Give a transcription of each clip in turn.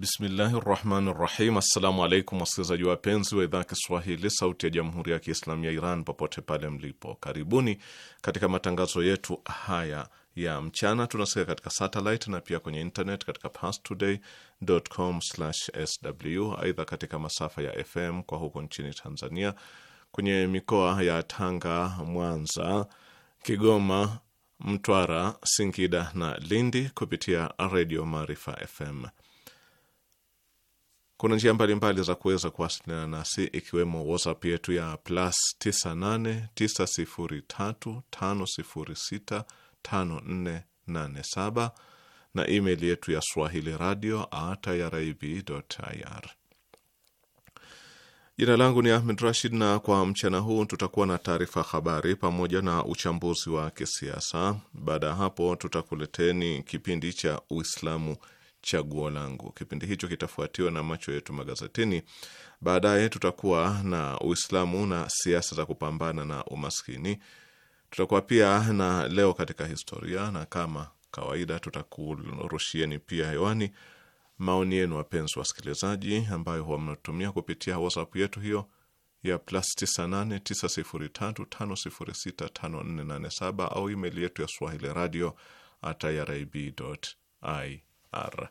Bismillahi rahmani rahim. Assalamu alaikum wasikilizaji wapenzi wa idhaa Kiswahili sauti ya jamhuri ya kiislamu ya Iran popote pale mlipo, karibuni katika matangazo yetu haya ya mchana. Tunasikia katika satellite na pia kwenye internet katika parstoday.com/sw. Aidha, katika masafa ya FM kwa huko nchini Tanzania kwenye mikoa ya Tanga, Mwanza, Kigoma, Mtwara, Singida na Lindi kupitia redio Maarifa FM. Kuna njia mbalimbali za kuweza kuwasiliana nasi ikiwemo WhatsApp yetu ya plus 989035065487 na email yetu ya swahili radio at irib.ir. Jina langu ni Ahmed Rashid, na kwa mchana huu tutakuwa na taarifa habari pamoja na uchambuzi wa kisiasa. Baada ya hapo, tutakuleteni kipindi cha Uislamu chaguo langu. Kipindi hicho kitafuatiwa na macho yetu magazetini. Baadaye tutakuwa na Uislamu na siasa za kupambana na umaskini. Tutakuwa pia na leo katika historia, na kama kawaida tutakurushieni pia hewani maoni yenu, wapenzi wasikilizaji, ambayo huwa mnatumia kupitia WhatsApp yetu hiyo ya plus 989035065487 au email yetu ya swahili radio at irib.ir. ar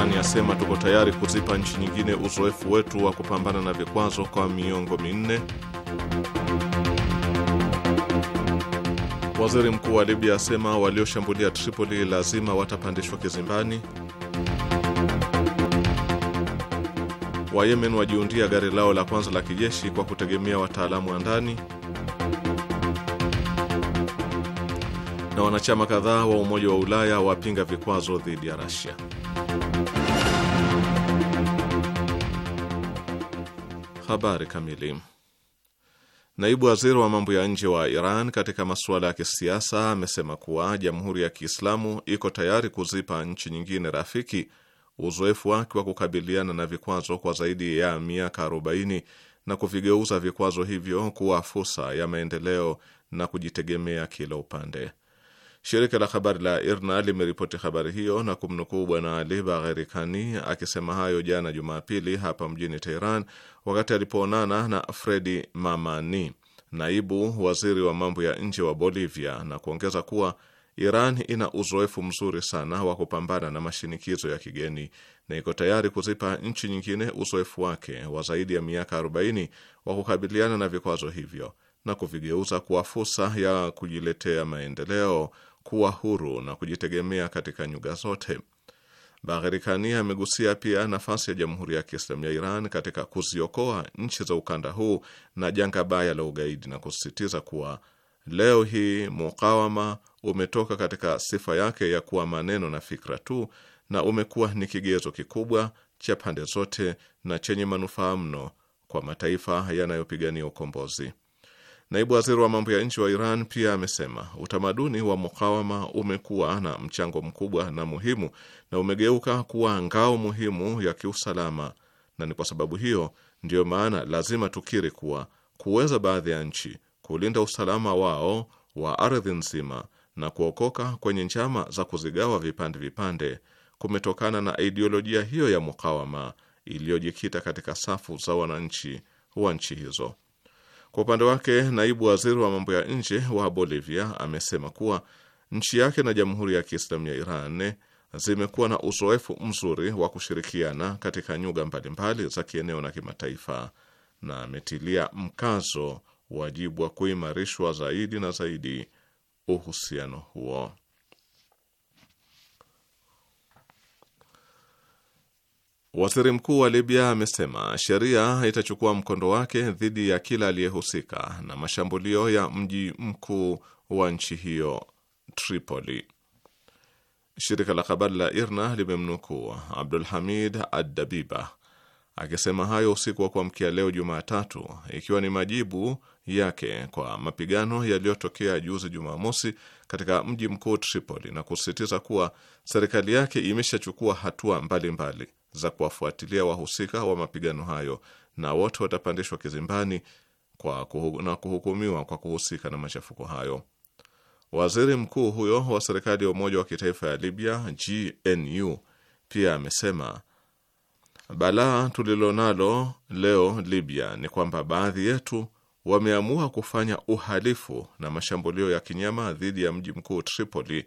Iran yasema tuko tayari kuzipa nchi nyingine uzoefu wetu wa kupambana na vikwazo kwa miongo minne. Waziri mkuu wa Libya asema walioshambulia Tripoli lazima watapandishwa kizimbani. Wayemen wajiundia gari lao la kwanza la kijeshi kwa kutegemea wataalamu wa ndani. Na wanachama kadhaa wa Umoja wa Ulaya wapinga vikwazo dhidi ya Russia. Habari kamili. Naibu waziri wa mambo ya nje wa Iran katika masuala ya kisiasa amesema kuwa Jamhuri ya Kiislamu iko tayari kuzipa nchi nyingine rafiki uzoefu wake wa kukabiliana na vikwazo kwa zaidi ya miaka 40 na kuvigeuza vikwazo hivyo kuwa fursa ya maendeleo na kujitegemea kila upande. Shirika la habari la IRNA limeripoti habari hiyo na kumnukuu Bwana Ali Bagheri Kani akisema hayo jana Jumapili hapa mjini Teheran wakati alipoonana na Fredi Mamani, naibu waziri wa mambo ya nje wa Bolivia, na kuongeza kuwa Iran ina uzoefu mzuri sana wa kupambana na mashinikizo ya kigeni na iko tayari kuzipa nchi nyingine uzoefu wake wa zaidi ya miaka 40 wa kukabiliana na vikwazo hivyo na kuvigeuza kuwa fursa ya kujiletea maendeleo kuwa huru na kujitegemea katika nyuga zote. Bagheri Kani amegusia pia nafasi ya Jamhuri ya Kiislamu ya Iran katika kuziokoa nchi za ukanda huu na janga baya la ugaidi na kusisitiza kuwa leo hii mukawama umetoka katika sifa yake ya kuwa maneno na fikra tu na umekuwa ni kigezo kikubwa cha pande zote na chenye manufaa mno kwa mataifa yanayopigania ukombozi. Naibu waziri wa mambo ya nchi wa Iran pia amesema utamaduni wa mukawama umekuwa na mchango mkubwa na muhimu na umegeuka kuwa ngao muhimu ya kiusalama, na ni kwa sababu hiyo ndiyo maana lazima tukiri kuwa kuweza baadhi ya nchi kulinda usalama wao wa ardhi nzima na kuokoka kwenye njama za kuzigawa vipande vipande kumetokana na idiolojia hiyo ya mukawama iliyojikita katika safu za wananchi wa nchi hizo. Kwa upande wake, naibu waziri wa mambo ya nje wa Bolivia amesema kuwa nchi yake na Jamhuri ya Kiislamu ya Iran zimekuwa na uzoefu mzuri wa kushirikiana katika nyuga mbalimbali za kieneo na kimataifa, na ametilia mkazo wajibu wa kuimarishwa zaidi na zaidi uhusiano huo. Waziri mkuu wa Libya amesema sheria itachukua mkondo wake dhidi ya kila aliyehusika na mashambulio ya mji mkuu wa nchi hiyo Tripoli. Shirika la habari la IRNA limemnukuu Abdul Hamid Addabiba akisema hayo usiku wa kuamkia leo Jumatatu, ikiwa ni majibu yake kwa mapigano yaliyotokea juzi Jumamosi katika mji mkuu Tripoli, na kusisitiza kuwa serikali yake imeshachukua hatua mbalimbali mbali za kuwafuatilia wahusika wa mapigano hayo na wote watapandishwa kizimbani kwa kuhu, na kuhukumiwa kwa kuhusika na machafuko hayo. Waziri mkuu huyo wa serikali ya umoja wa kitaifa ya Libya GNU pia amesema balaa tulilonalo leo Libya ni kwamba baadhi yetu wameamua kufanya uhalifu na mashambulio ya kinyama dhidi ya mji mkuu Tripoli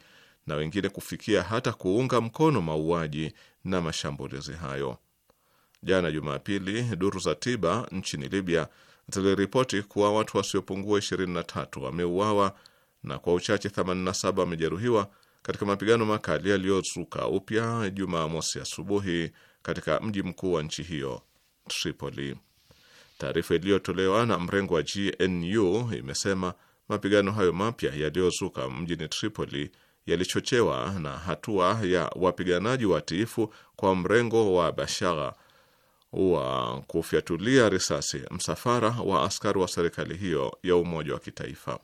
na wengine kufikia hata kuunga mkono mauaji na mashambulizi hayo. Jana Jumapili, duru za tiba nchini Libya ziliripoti kuwa watu wasiopungua 23 wameuawa na kwa uchache 87 wamejeruhiwa katika mapigano makali yaliyozuka upya Jumamosi asubuhi katika mji mkuu wa nchi hiyo Tripoli. Taarifa iliyotolewa na mrengo wa GNU imesema mapigano hayo mapya yaliyozuka mjini Tripoli yalichochewa na hatua ya wapiganaji watiifu kwa mrengo wa Bashagha wa kufyatulia risasi msafara wa askari wa serikali hiyo ya umoja wa kitaifa.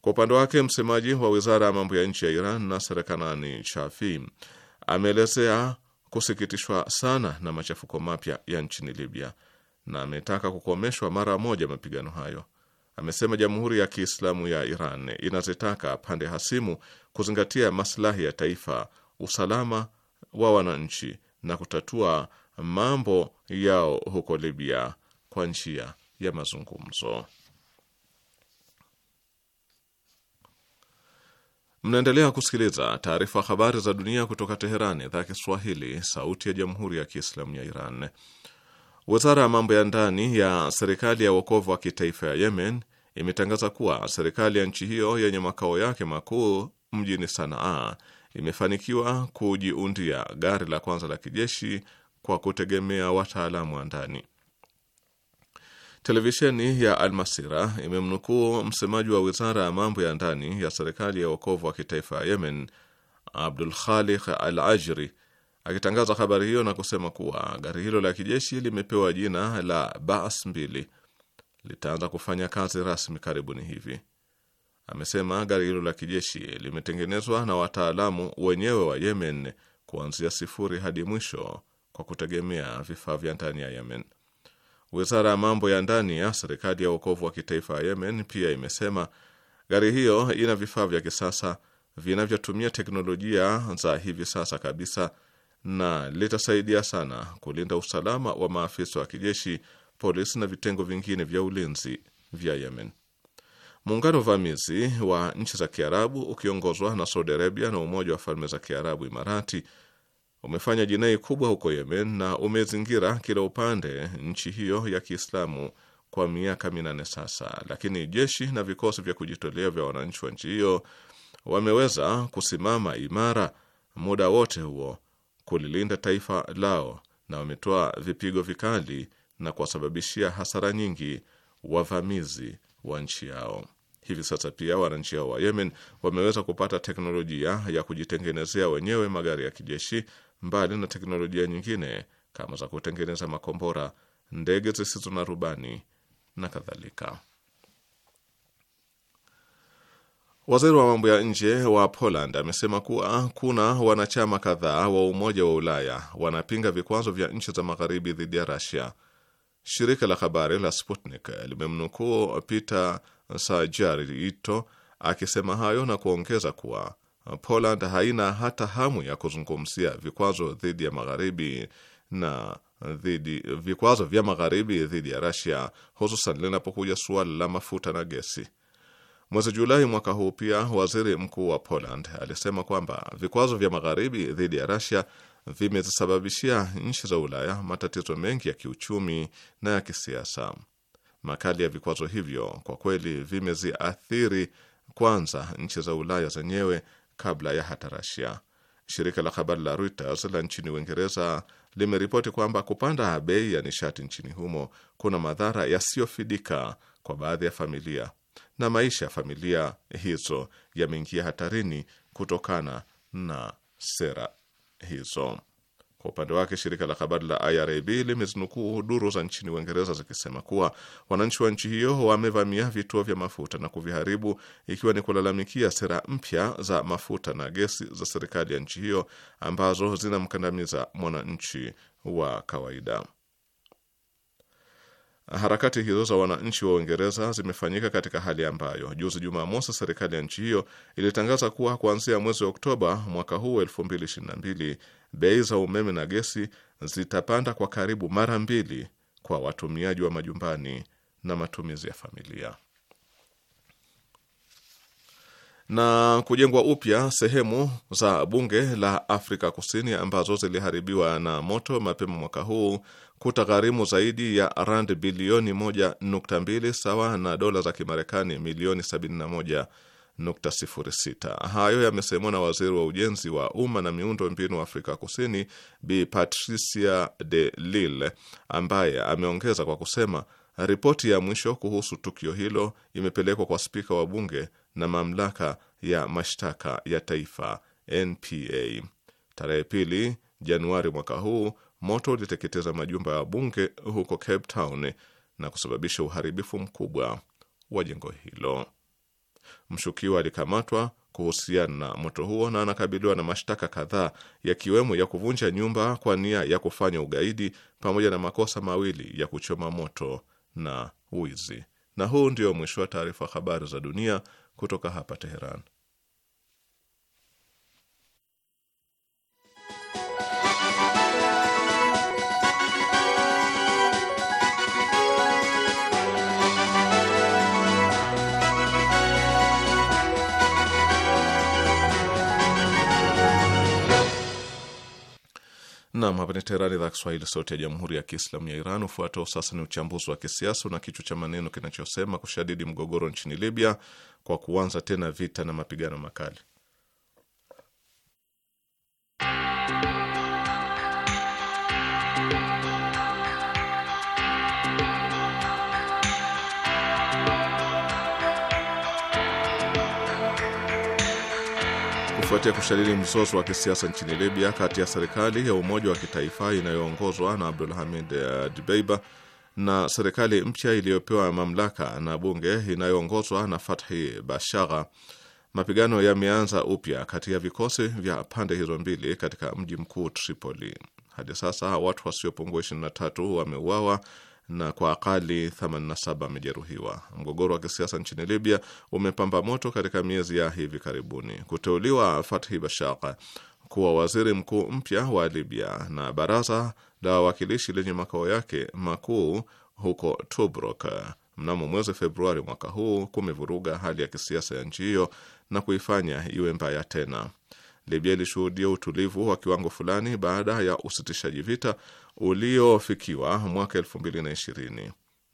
Kwa upande wake, msemaji wa wizara ya mambo ya nchi ya Iran na Kanani Chafi ameelezea kusikitishwa sana na machafuko mapya ya nchini Libya na ametaka kukomeshwa mara moja mapigano hayo. Amesema Jamhuri ya Kiislamu ya Iran inazitaka pande hasimu kuzingatia maslahi ya taifa, usalama wa wananchi na kutatua mambo yao huko Libya kwa njia ya mazungumzo. Mnaendelea kusikiliza taarifa habari za dunia kutoka Teherani, idhaa Kiswahili, sauti ya jamhuri ya kiislamu ya Iran. Wizara ya mambo ya ndani ya serikali ya uokovu wa kitaifa ya Yemen imetangaza kuwa serikali ya nchi hiyo yenye makao yake makuu mjini Sanaa imefanikiwa kujiundia gari la kwanza la kijeshi kwa kutegemea wataalamu wa ndani. Televisheni ya Almasira imemnukuu msemaji wa wizara ya mambo ya ndani ya serikali ya wokovu wa kitaifa ya Yemen, Abdul Khaliq Al Ajri akitangaza habari hiyo na kusema kuwa gari hilo la kijeshi limepewa jina la Baas mbili litaanza kufanya kazi rasmi karibuni hivi amesema gari hilo la kijeshi limetengenezwa na wataalamu wenyewe wa Yemen kuanzia sifuri hadi mwisho kwa kutegemea vifaa vya ndani ya Yemen. Wizara ya mambo ya ndani ya serikali ya uokovu wa kitaifa ya Yemen pia imesema gari hiyo ina vifaa vya kisasa vinavyotumia teknolojia za hivi sasa kabisa na litasaidia sana kulinda usalama wa maafisa wa kijeshi, polisi na vitengo vingine vya ulinzi vya Yemen. Muungano vamizi wa nchi za Kiarabu ukiongozwa na Saudi Arabia na Umoja wa Falme za Kiarabu Imarati umefanya jinai kubwa huko Yemen na umezingira kila upande nchi hiyo ya Kiislamu kwa miaka minane sasa, lakini jeshi na vikosi vya kujitolea vya wananchi wa nchi hiyo wameweza kusimama imara muda wote huo kulilinda taifa lao na wametoa vipigo vikali na kuwasababishia hasara nyingi wavamizi wa nchi yao. Hivi sasa pia wananchi hao wa Yemen wameweza kupata teknolojia ya kujitengenezea wenyewe magari ya kijeshi, mbali na teknolojia nyingine kama za kutengeneza makombora, ndege zisizo na rubani na kadhalika. Waziri wa mambo ya nje wa Poland amesema kuwa kuna wanachama kadhaa wa Umoja wa Ulaya wanapinga vikwazo vya nchi za magharibi dhidi ya Russia. Shirika la habari la Sputnik limemnukuu Peter Sajarito akisema hayo na kuongeza kuwa Poland haina hata hamu ya kuzungumzia vikwazo dhidi ya magharibi na dhidi vikwazo vya magharibi dhidi ya Russia hususan linapokuja suala la mafuta na gesi. Mwezi Julai mwaka huu pia waziri mkuu wa Poland alisema kwamba vikwazo vya magharibi dhidi ya Russia vimezisababishia nchi za Ulaya matatizo mengi ya kiuchumi na ya kisiasa. Makali ya vikwazo hivyo kwa kweli vimeziathiri kwanza nchi za Ulaya zenyewe kabla ya hata Rasia. Shirika la habari la Reuters la nchini Uingereza limeripoti kwamba kupanda bei ya nishati nchini humo kuna madhara yasiyofidika kwa baadhi ya familia na maisha ya familia hizo yameingia hatarini kutokana na sera hizo. Kwa upande wake shirika la habari la IRIB limezinukuu duru za nchini Uingereza zikisema kuwa wananchi wa nchi hiyo wamevamia vituo vya mafuta na kuviharibu, ikiwa ni kulalamikia sera mpya za mafuta na gesi za serikali ya nchi hiyo ambazo zinamkandamiza mwananchi wa kawaida. Harakati hizo za wananchi wa Uingereza zimefanyika katika hali ambayo juzi Jumamosi serikali ya nchi hiyo ilitangaza kuwa kuanzia mwezi wa Oktoba mwaka huu 2022 bei za umeme na gesi zitapanda kwa karibu mara mbili kwa watumiaji wa majumbani na matumizi ya familia. Na kujengwa upya sehemu za bunge la Afrika Kusini ambazo ziliharibiwa na moto mapema mwaka huu kutagharimu zaidi ya rand bilioni 1.2 sawa na dola za Kimarekani milioni 71.06. Hayo yamesemwa na waziri wa ujenzi wa umma na miundo mbinu wa Afrika Kusini Bi Patricia de Lille, ambaye ameongeza kwa kusema ripoti ya mwisho kuhusu tukio hilo imepelekwa kwa spika wa bunge na mamlaka ya mashtaka ya taifa NPA tarehe pili Januari mwaka huu moto uliteketeza majumba ya bunge huko Cape Town na kusababisha uharibifu mkubwa wa jengo hilo. Mshukiwa alikamatwa kuhusiana na moto huo na anakabiliwa na mashtaka kadhaa yakiwemo ya kuvunja nyumba kwa nia ya kufanya ugaidi pamoja na makosa mawili ya kuchoma moto na wizi. Na huu ndio mwisho wa taarifa habari za dunia kutoka hapa Teheran. Nam, hapa ni Teherani, idhaa Kiswahili, sauti ya jamhuri ya kiislamu ya Iran. Ufuatao sasa ni uchambuzi wa kisiasa na kichwa cha maneno kinachosema kushadidi mgogoro nchini Libya kwa kuanza tena vita na mapigano makali. kufuatia kushadidi mzozo wa kisiasa nchini Libya kati ya serikali ya umoja wa kitaifa inayoongozwa na Abdulhamid eh, Dbeiba na serikali mpya iliyopewa mamlaka na bunge inayoongozwa na Fathi Bashagha, mapigano yameanza upya kati ya vikosi vya pande hizo mbili katika mji mkuu Tripoli. Hadi sasa watu wasiopungua 23 wameuawa na kwa akali 87 amejeruhiwa. Mgogoro wa kisiasa nchini Libya umepamba moto katika miezi ya hivi karibuni. Kuteuliwa Fathi Bashagha kuwa waziri mkuu mpya wa Libya na baraza la wawakilishi lenye makao yake makuu huko Tobruk mnamo mwezi Februari mwaka huu kumevuruga hali ya kisiasa ya nchi hiyo na kuifanya iwe mbaya tena. Libya ilishuhudia utulivu wa kiwango fulani baada ya usitishaji vita uliofikiwa mwaka mbili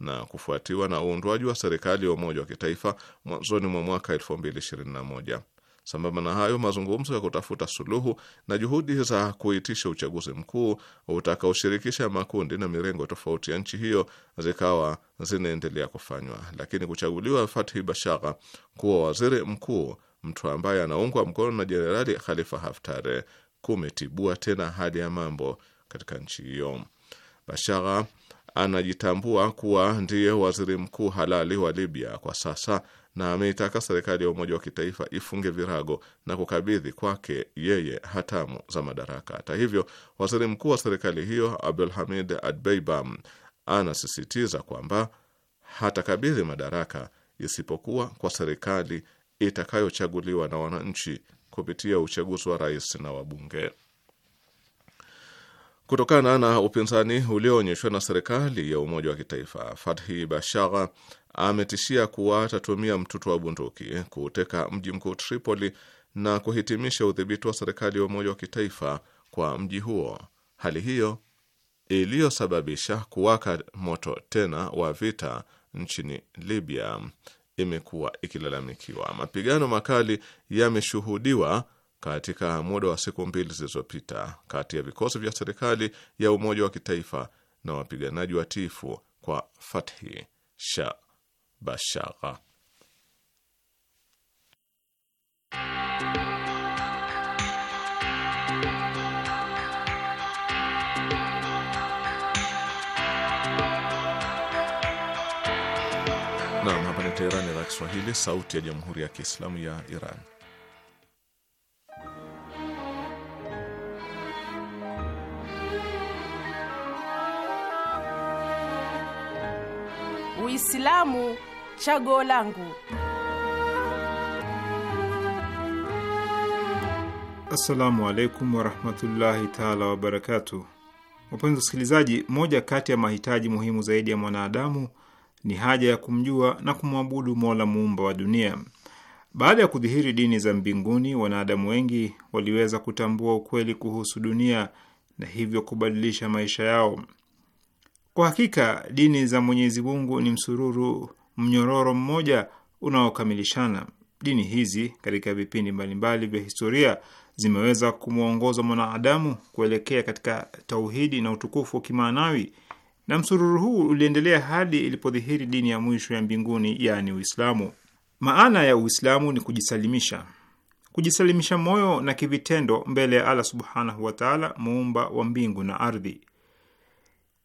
na kufuatiwa na uundwaji wa serikali ya umoja wa kitaifa mwanzoni mwa mwaka moja. Sambamba na hayo, mazungumzo ya kutafuta suluhu na juhudi za kuitisha uchaguzi mkuu utakaoshirikisha makundi na mirengo tofauti ya nchi hiyo zikawa zinaendelea kufanywa, lakini kuchaguliwa Fathi Bashagha kuwa waziri mkuu mtu ambaye anaungwa mkono na Jenerali Khalifa Haftar kumetibua tena hali ya mambo katika nchi hiyo. Bashagha anajitambua kuwa ndiye waziri mkuu halali wa Libya kwa sasa na ameitaka serikali ya umoja wa kitaifa ifunge virago na kukabidhi kwake yeye hatamu za madaraka. Hata hivyo, waziri mkuu wa serikali hiyo Abdul Hamid Adbeibam anasisitiza kwamba hatakabidhi madaraka isipokuwa kwa serikali itakayochaguliwa na wananchi kupitia uchaguzi wa rais na wabunge. Kutokana na upinzani ulioonyeshwa na serikali ya umoja wa kitaifa, Fathi Bashagha ametishia kuwa atatumia mtutu wa bunduki kuuteka mji mkuu Tripoli na kuhitimisha udhibiti wa serikali ya umoja wa kitaifa kwa mji huo. Hali hiyo iliyosababisha kuwaka moto tena wa vita nchini Libya imekuwa ikilalamikiwa. Mapigano makali yameshuhudiwa katika muda wa siku mbili zilizopita kati ya vikosi vya serikali ya umoja wa kitaifa na wapiganaji watiifu kwa Fathi Shabashagha. Teherani, idhaa Kiswahili, sauti ya jamhuri ya kiislamu ya Iran. Uislamu chaguo langu. Assalamu alaikum warahmatullahi taala wabarakatuh. Wapenzi wasikilizaji, moja kati ya mahitaji muhimu zaidi ya mwanadamu ni haja ya kumjua na kumwabudu Mola muumba wa dunia. Baada ya kudhihiri dini za mbinguni, wanadamu wengi waliweza kutambua ukweli kuhusu dunia na hivyo kubadilisha maisha yao. Kwa hakika dini za Mwenyezi Mungu ni msururu, mnyororo mmoja unaokamilishana. Dini hizi katika vipindi mbalimbali vya historia zimeweza kumwongoza mwanadamu kuelekea katika tauhidi na utukufu wa kimaanawi na msururu huu uliendelea hadi ilipodhihiri dini ya mwisho ya mbinguni, yaani Uislamu. Maana ya Uislamu ni kujisalimisha, kujisalimisha moyo na kivitendo mbele ya Allah subhanahu wataala, muumba wa mbingu na ardhi.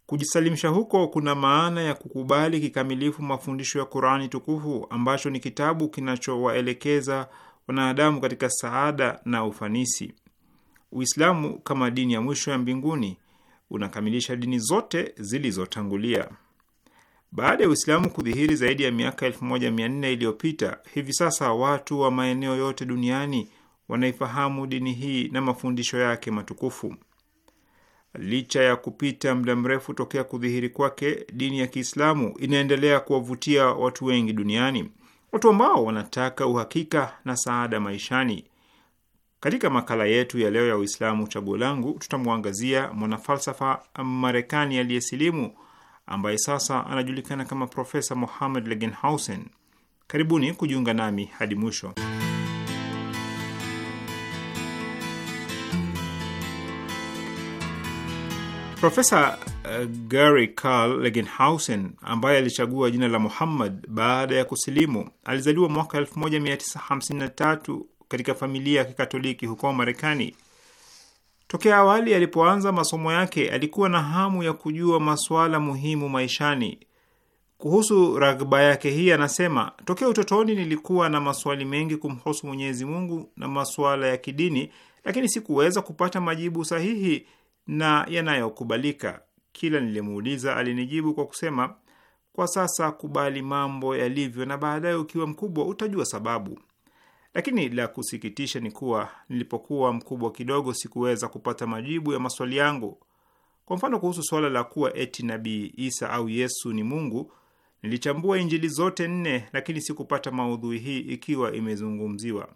Kujisalimisha huko kuna maana ya kukubali kikamilifu mafundisho ya Qurani tukufu ambacho ni kitabu kinachowaelekeza wanadamu katika saada na ufanisi. Uislamu kama dini ya mwisho ya mbinguni unakamilisha dini zote zilizotangulia. Baada ya Uislamu kudhihiri zaidi ya miaka 14 iliyopita, hivi sasa watu wa maeneo yote duniani wanaifahamu dini hii na mafundisho yake matukufu. Licha ya kupita muda mrefu tokea kudhihiri kwake, dini ya Kiislamu inaendelea kuwavutia watu wengi duniani, watu ambao wanataka uhakika na saada maishani. Katika makala yetu ya leo ya Uislamu chaguo langu, tutamwangazia mwanafalsafa Marekani aliyesilimu ambaye sasa anajulikana kama Profesa Mohamed Legenhausen. Karibuni kujiunga nami hadi mwisho. Profesa eh, Gary Carl Legenhausen ambaye alichagua jina la Muhammad baada ya kusilimu, alizaliwa mwaka 1953 katika familia ya Kikatoliki huko Marekani. Tokea awali alipoanza masomo yake, alikuwa na hamu ya kujua masuala muhimu maishani. Kuhusu ragba yake hii anasema, tokea utotoni nilikuwa na maswali mengi kumhusu Mwenyezi Mungu na masuala ya kidini, lakini sikuweza kupata majibu sahihi na yanayokubalika. Kila nilimuuliza alinijibu kwa kusema, kwa sasa kubali mambo yalivyo, na baadaye ukiwa mkubwa utajua sababu. Lakini la kusikitisha ni kuwa nilipokuwa mkubwa kidogo sikuweza kupata majibu ya maswali yangu. Kwa mfano, kuhusu suala la kuwa eti Nabii Isa au Yesu ni Mungu, nilichambua Injili zote nne, lakini sikupata maudhui hii ikiwa imezungumziwa.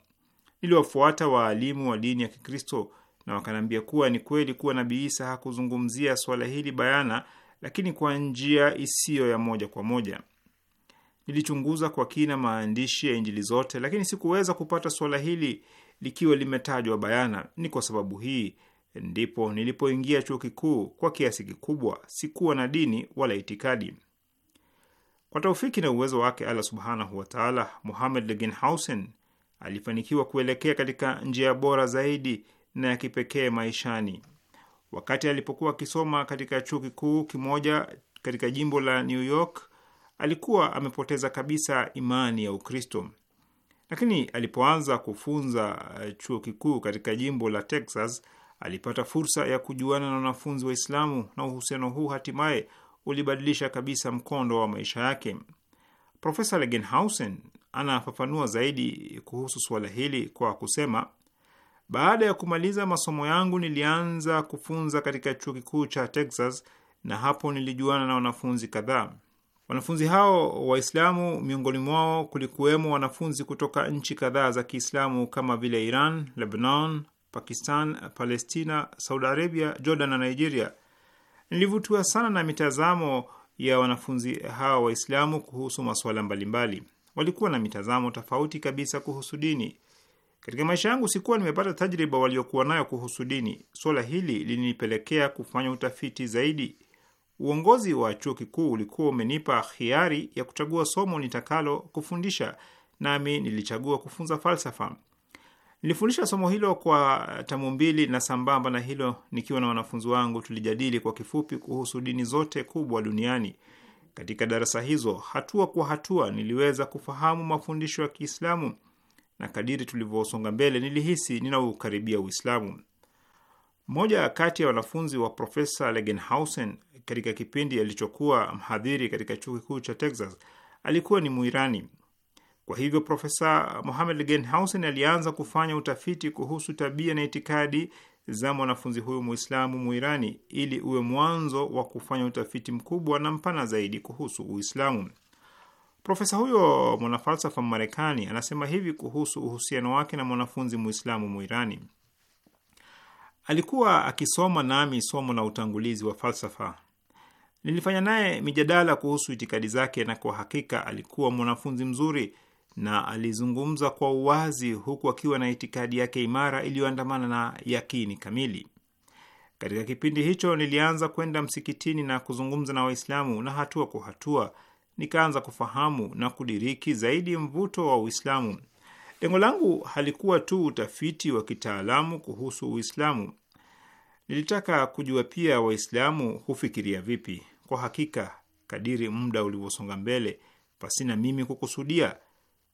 Niliwafuata waalimu wa dini ya Kikristo na wakanaambia kuwa ni kweli kuwa Nabii Isa hakuzungumzia swala hili bayana, lakini kwa njia isiyo ya moja kwa moja nilichunguza kwa kina maandishi ya Injili zote, lakini sikuweza kupata suala hili likiwa limetajwa bayana. Ni kwa sababu hii ndipo nilipoingia chuo kikuu. Kwa kiasi kikubwa sikuwa na dini wala itikadi. Kwa taufiki na uwezo wake Allah subhanahu wataala, Muhammad Legenhausen alifanikiwa kuelekea katika njia bora zaidi na ya kipekee maishani. Wakati alipokuwa akisoma katika chuo kikuu kimoja katika jimbo la New York, alikuwa amepoteza kabisa imani ya Ukristo, lakini alipoanza kufunza eh, chuo kikuu katika jimbo la Texas alipata fursa ya kujuana na wanafunzi Waislamu, na uhusiano huu hatimaye ulibadilisha kabisa mkondo wa maisha yake. Profesa Legenhausen anafafanua zaidi kuhusu suala hili kwa kusema, baada ya kumaliza masomo yangu nilianza kufunza katika chuo kikuu cha Texas, na hapo nilijuana na wanafunzi kadhaa. Wanafunzi hao Waislamu, miongoni mwao kulikuwemo wanafunzi kutoka nchi kadhaa za Kiislamu kama vile Iran, Lebanon, Pakistan, Palestina, Saudi Arabia, Jordan na Nigeria. Nilivutiwa sana na mitazamo ya wanafunzi hao Waislamu kuhusu masuala mbalimbali. Walikuwa na mitazamo tofauti kabisa kuhusu dini. Katika maisha yangu sikuwa nimepata tajriba waliokuwa nayo kuhusu dini. Suala hili lilinipelekea kufanya utafiti zaidi Uongozi wa chuo kikuu ulikuwa umenipa hiari ya kuchagua somo nitakalo kufundisha, nami nilichagua kufunza falsafa. Nilifundisha somo hilo kwa tamu mbili, na sambamba na hilo, nikiwa na wanafunzi wangu tulijadili kwa kifupi kuhusu dini zote kubwa duniani. Katika darasa hizo, hatua kwa hatua, niliweza kufahamu mafundisho ya Kiislamu na kadiri tulivyosonga mbele, nilihisi ninaukaribia Uislamu. Mmoja kati ya wanafunzi wa Profesa Legenhausen katika kipindi alichokuwa mhadhiri katika chuo kikuu cha Texas alikuwa ni Muirani. Kwa hivyo Profesa Mohamed Genhausen alianza kufanya utafiti kuhusu tabia na itikadi za mwanafunzi huyu Muislamu Muirani ili uwe mwanzo wa kufanya utafiti mkubwa na mpana zaidi kuhusu Uislamu. Profesa huyo mwanafalsafa Marekani anasema hivi kuhusu uhusiano wake na mwanafunzi Muislamu Muirani: alikuwa akisoma nami somo la utangulizi wa falsafa Nilifanya naye mijadala kuhusu itikadi zake, na kwa hakika alikuwa mwanafunzi mzuri na alizungumza kwa uwazi, huku akiwa na itikadi yake imara iliyoandamana na yakini kamili. Katika kipindi hicho nilianza kwenda msikitini na kuzungumza na Waislamu, na hatua kwa hatua nikaanza kufahamu na kudiriki zaidi mvuto wa Uislamu. Lengo langu halikuwa tu utafiti wa kitaalamu kuhusu Uislamu. Nilitaka kujua pia Waislamu hufikiria vipi. Kwa hakika kadiri muda ulivyosonga mbele, pasina mimi kukusudia,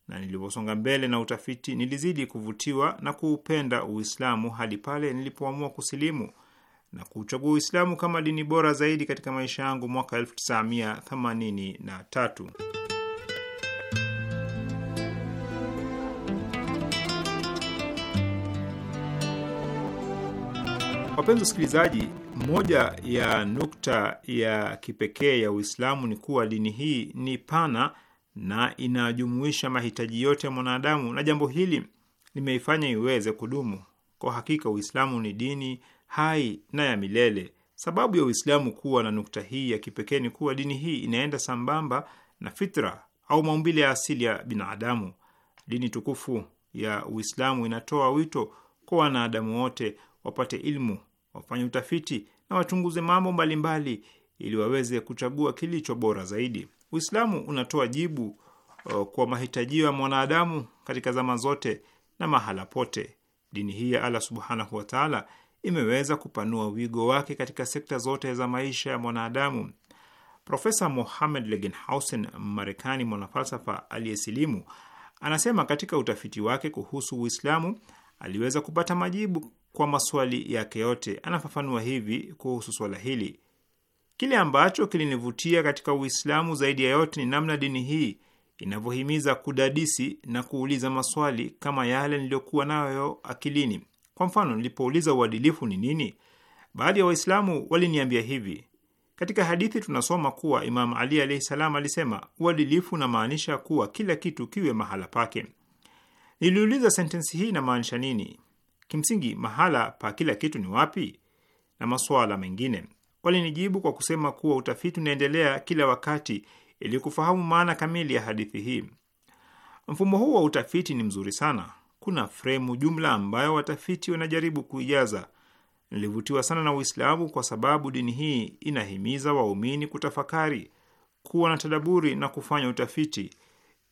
na nilivyosonga mbele na utafiti, nilizidi kuvutiwa na kuupenda Uislamu hadi pale nilipoamua kusilimu na kuchagua Uislamu kama dini bora zaidi katika maisha yangu mwaka 1983. Wapenzi wasikilizaji, moja ya nukta ya kipekee ya Uislamu ni kuwa dini hii ni pana na inajumuisha mahitaji yote ya mwanadamu, na jambo hili limeifanya iweze kudumu. Kwa hakika Uislamu ni dini hai na ya milele. Sababu ya Uislamu kuwa na nukta hii ya kipekee ni kuwa dini hii inaenda sambamba na fitra au maumbile ya asili ya binadamu. Dini tukufu ya Uislamu inatoa wito kwa wanadamu wote wapate ilmu, wafanye utafiti na wachunguze mambo mbalimbali ili waweze kuchagua kilicho bora zaidi. Uislamu unatoa jibu kwa mahitajio ya mwanadamu katika zama zote na mahala pote. Dini hii ya Allah subhanahu wataala imeweza kupanua wigo wake katika sekta zote za maisha ya mwanadamu. Profesa Mohamed Legenhausen, Marekani, mwanafalsafa aliyesilimu, anasema katika utafiti wake kuhusu Uislamu aliweza kupata majibu kwa maswali yake yote. Anafafanua hivi kuhusu swala hili: kile ambacho kilinivutia katika Uislamu zaidi ya yote ni namna dini hii inavyohimiza kudadisi na kuuliza maswali kama yale niliyokuwa nayo akilini. Kwa mfano, nilipouliza uadilifu ni nini, baadhi ya Waislamu waliniambia hivi: katika hadithi tunasoma kuwa Imam Ali alaihi salam alisema, uadilifu unamaanisha kuwa kila kitu kiwe mahala pake. Niliuliza sentensi hii inamaanisha nini? Kimsingi mahala pa kila kitu ni wapi? na masuala mengine. Walinijibu kwa kusema kuwa utafiti unaendelea kila wakati ili kufahamu maana kamili ya hadithi hii. Mfumo huu wa utafiti ni mzuri sana. Kuna fremu jumla ambayo watafiti wanajaribu kuijaza. Nilivutiwa sana na Uislamu kwa sababu dini hii inahimiza waumini kutafakari, kuwa na tadaburi na kufanya utafiti.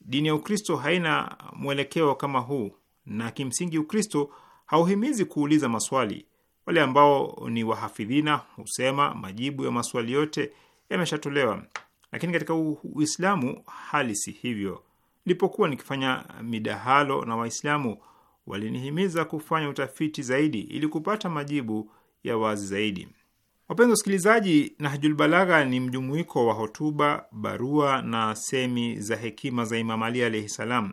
Dini ya Ukristo haina mwelekeo kama huu, na kimsingi Ukristo hauhimizi kuuliza maswali. Wale ambao ni wahafidhina husema majibu ya maswali yote yameshatolewa, lakini katika Uislamu hali si hivyo. Nilipokuwa nikifanya midahalo na Waislamu, walinihimiza kufanya utafiti zaidi ili kupata majibu ya wazi zaidi. Wapenzi wasikilizaji, Nahjul Balagha ni mjumuiko wa hotuba, barua na semi za hekima za Imam Ali alaihi salam.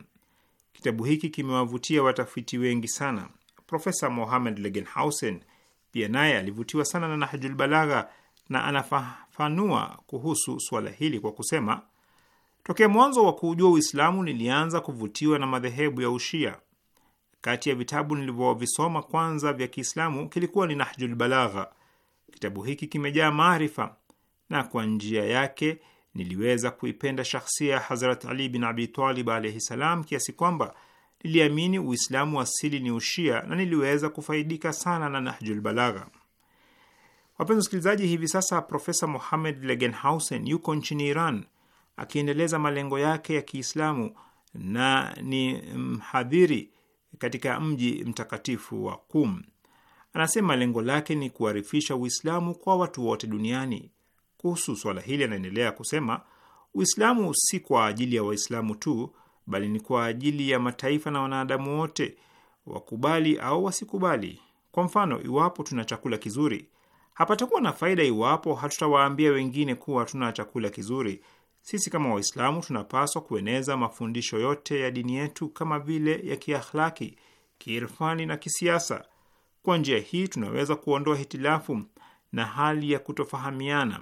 Kitabu hiki kimewavutia watafiti wengi sana. Profesa Mohamed Legenhausen pia naye alivutiwa sana na Nahjul Balagha na anafafanua kuhusu suala hili kwa kusema, tokea mwanzo wa kuujua Uislamu nilianza kuvutiwa na madhehebu ya Ushia. Kati ya vitabu nilivyovisoma kwanza vya Kiislamu kilikuwa ni Nahjul Balagha. Kitabu hiki kimejaa maarifa na kwa njia yake niliweza kuipenda shakhsia ya Hazrat Ali bin Abi Talib alaihi salam kiasi kwamba niliamini Uislamu asili ni Ushia na niliweza kufaidika sana na Nahjul Balagha. Wapenzi wasikilizaji, hivi sasa Profesa Mohamed Legenhausen yuko nchini Iran akiendeleza malengo yake ya Kiislamu na ni mhadhiri katika mji mtakatifu wa Qum. Anasema lengo lake ni kuharifisha Uislamu kwa watu wote duniani. Kuhusu swala hili, anaendelea kusema Uislamu si kwa ajili ya Waislamu tu, bali ni kwa ajili ya mataifa na wanadamu wote, wakubali au wasikubali. Kwa mfano, iwapo tuna chakula kizuri, hapatakuwa na faida iwapo hatutawaambia wengine kuwa tuna chakula kizuri. Sisi kama Waislamu tunapaswa kueneza mafundisho yote ya dini yetu kama vile ya kiakhlaki, kiirfani na kisiasa. Kwa njia hii tunaweza kuondoa hitilafu na hali ya kutofahamiana.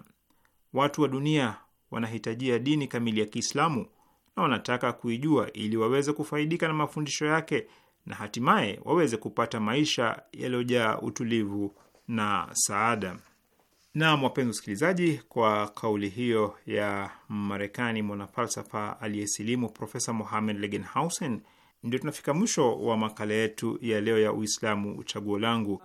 Watu wa dunia wanahitajia dini kamili ya Kiislamu na wanataka kuijua ili waweze kufaidika na mafundisho yake na hatimaye waweze kupata maisha yaliyojaa utulivu na saada. Naam, wapenzi wasikilizaji, kwa kauli hiyo ya Marekani mwanafalsafa aliyesilimu Profesa Mohamed Legenhausen ndio tunafika mwisho wa makala yetu ya leo ya Uislamu Chaguo Langu.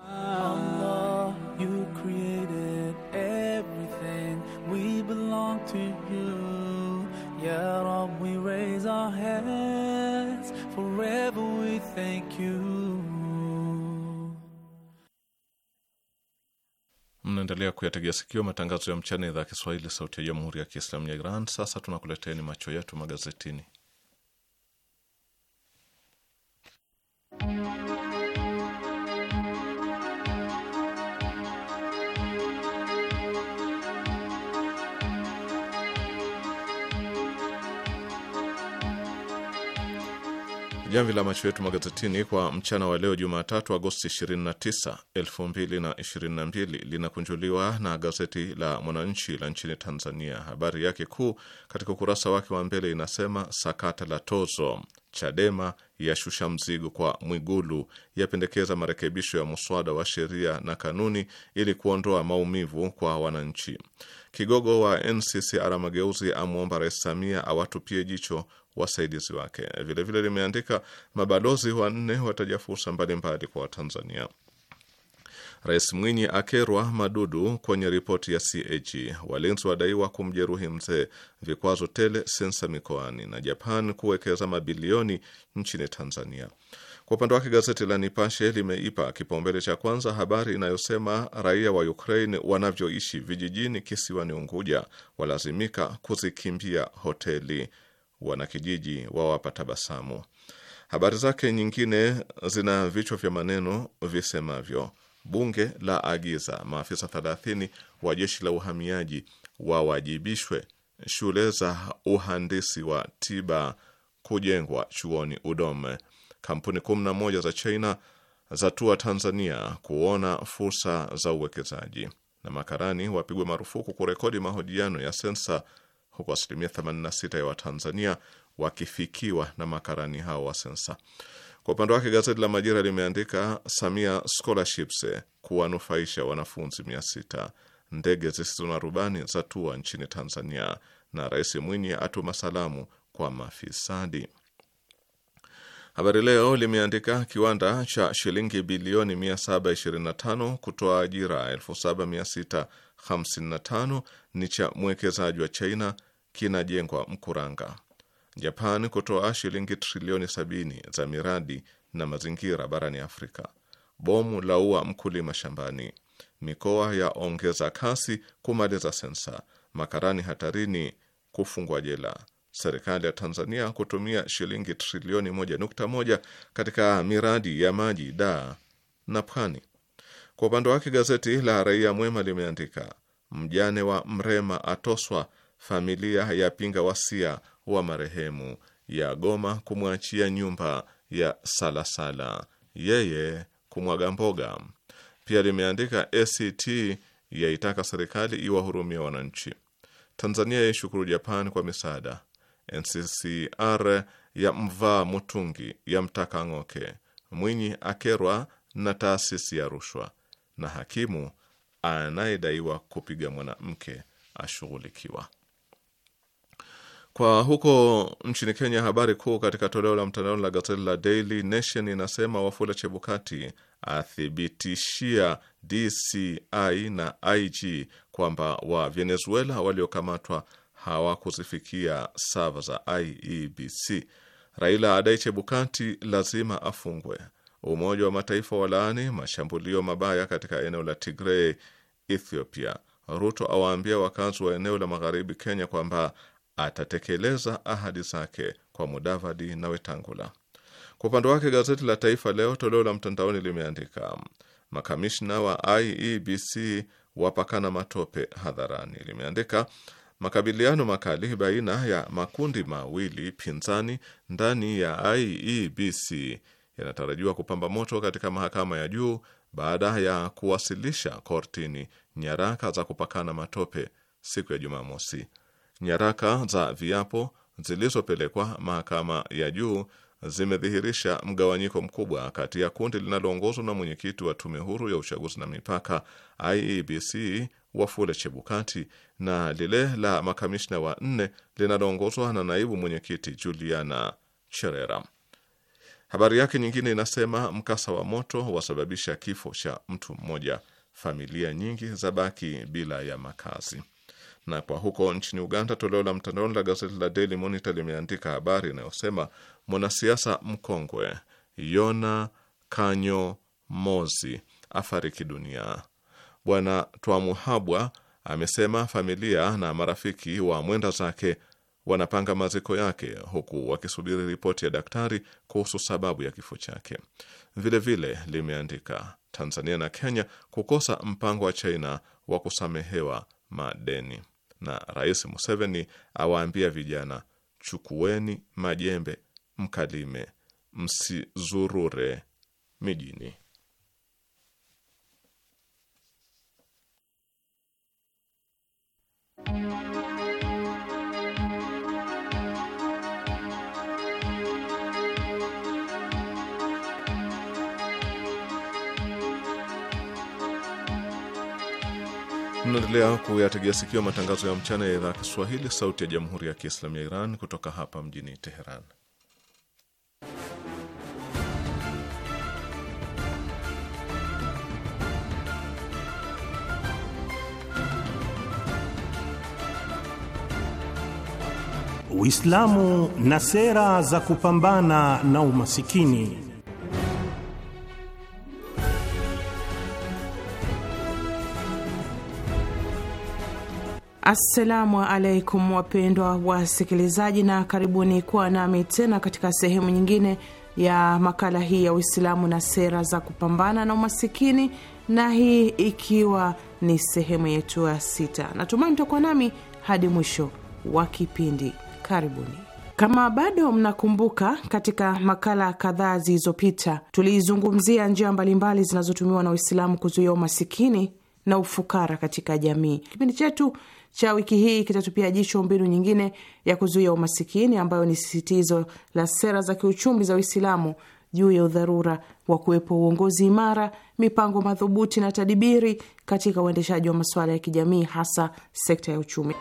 Mnaendelea kuyategea sikio matangazo ya mchana, idhaa ya Kiswahili, sauti ya jamhuri ya kiislamu ya Iran. Sasa tunakuleteni macho yetu magazetini. Jamvi la macho yetu magazetini kwa mchana wa leo Jumatatu, Agosti 29, 2022 linakunjuliwa na gazeti la Mwananchi la nchini Tanzania. Habari yake kuu katika ukurasa wake wa mbele inasema sakata la tozo, Chadema yashusha mzigo kwa Mwigulu, yapendekeza marekebisho ya muswada wa sheria na kanuni ili kuondoa maumivu kwa wananchi. Kigogo wa NCCR Mageuzi amwomba Rais Samia awatupie jicho wasaidizi wake. Vilevile vile limeandika mabalozi wanne wataja fursa mbalimbali kwa Watanzania. Rais Mwinyi akerwa madudu kwenye ripoti ya CAG. Walinzi wadaiwa kumjeruhi mzee. Vikwazo tele sensa mikoani, na Japan kuwekeza mabilioni nchini Tanzania. Kwa upande wake gazeti la Nipashe limeipa kipaumbele cha kwanza habari inayosema raia wa Ukraine wanavyoishi vijijini kisiwani Unguja walazimika kuzikimbia hoteli wanakijiji wawapa tabasamu. Habari zake nyingine zina vichwa vya maneno visemavyo: bunge la agiza maafisa 30 wa jeshi la uhamiaji wawajibishwe, shule za uhandisi wa tiba kujengwa chuoni Udome, kampuni 11 za China zatua Tanzania kuona fursa za uwekezaji, na makarani wapigwe marufuku kurekodi mahojiano ya sensa huku asilimia 86 ya Watanzania wakifikiwa na makarani hao wa sensa. Kwa upande wake gazeti la Majira limeandika Samia scholarships kuwanufaisha wanafunzi 600, ndege zisizo na rubani tua nchini Tanzania, na Rais Mwinyi atuma salamu kwa mafisadi. Habari Leo limeandika kiwanda cha shilingi bilioni 725 kutoa ajira 7655 ni cha mwekezaji wa China kinajengwa Mkuranga. Japan kutoa shilingi trilioni sabini za miradi na mazingira barani Afrika. Bomu la ua mkulima shambani. Mikoa ya ongeza kasi kumaliza sensa. Makarani hatarini kufungwa jela. Serikali ya Tanzania kutumia shilingi trilioni moja nukta moja katika miradi ya maji daa na pwani. Kwa upande wake gazeti la Raia Mwema limeandika mjane wa Mrema atoswa familia yapinga wasia wa marehemu, ya goma kumwachia nyumba ya Salasala, yeye kumwaga mboga. Pia limeandika ACT yaitaka serikali iwahurumia wananchi. Tanzania yaishukuru Japan kwa misaada. NCCR ya mvaa Mutungi ya mtaka Ng'oke. Mwinyi akerwa na taasisi ya rushwa, na hakimu anayedaiwa kupiga mwanamke ashughulikiwa. Kwa huko nchini Kenya, habari kuu katika toleo la mtandaoni la gazeti la Daily Nation inasema Wafula Chebukati athibitishia DCI na IG kwamba wa Venezuela waliokamatwa hawakuzifikia sava za IEBC. Raila adai Chebukati lazima afungwe. Umoja wa Mataifa walaani mashambulio mabaya katika eneo la Tigray, Ethiopia. Ruto awaambia wakazi wa eneo la magharibi Kenya kwamba atatekeleza ahadi zake kwa Mudavadi na Wetangula. Kwa upande wake gazeti la Taifa Leo toleo la mtandaoni limeandika makamishna wa IEBC wapakana matope hadharani. Limeandika makabiliano makali baina ya makundi mawili pinzani ndani ya IEBC yanatarajiwa kupamba moto katika mahakama ya juu baada ya kuwasilisha kortini nyaraka za kupakana matope siku ya Jumamosi. Nyaraka za viapo zilizopelekwa mahakama ya juu zimedhihirisha mgawanyiko mkubwa kati ya kundi linaloongozwa na mwenyekiti wa tume huru ya uchaguzi na mipaka IEBC Wafula Chebukati na lile la makamishna wa nne linaloongozwa na naibu mwenyekiti Juliana Cherera. Habari yake nyingine inasema mkasa wa moto wasababisha kifo cha mtu mmoja, familia nyingi zabaki bila ya makazi. Na kwa huko nchini Uganda, toleo la mtandaoni la gazeti la Daily Monitor limeandika habari inayosema mwanasiasa mkongwe Yona Kanyomozi afariki dunia. Bwana Twamuhabwa amesema familia na marafiki wa mwenda zake wanapanga maziko yake huku wakisubiri ripoti ya daktari kuhusu sababu ya kifo chake. Vilevile limeandika Tanzania na Kenya kukosa mpango wa China wa kusamehewa madeni na Rais Museveni awaambia vijana, chukueni majembe mkalime, msizurure mijini. Mnaendelea kuyategea sikio matangazo ya mchana ya idhaa Kiswahili, sauti ya jamhuri ya kiislamu ya Iran kutoka hapa mjini Teheran. Uislamu na sera za kupambana na umasikini. Assalamu alaikum wapendwa wasikilizaji, na karibuni kuwa nami tena katika sehemu nyingine ya makala hii ya Uislamu na sera za kupambana na umasikini, na hii ikiwa ni sehemu yetu ya sita. Natumai mtakuwa nami hadi mwisho wa kipindi. Karibuni. Kama bado mnakumbuka, katika makala kadhaa zilizopita tulizungumzia njia mbalimbali zinazotumiwa na Uislamu kuzuia umasikini na ufukara katika jamii. Kipindi chetu cha wiki hii kitatupia jicho mbinu nyingine ya kuzuia umasikini ambayo ni sisitizo la sera za kiuchumi za Uislamu juu ya udharura wa kuwepo uongozi imara, mipango madhubuti na tadibiri katika uendeshaji wa masuala ya kijamii, hasa sekta ya uchumi.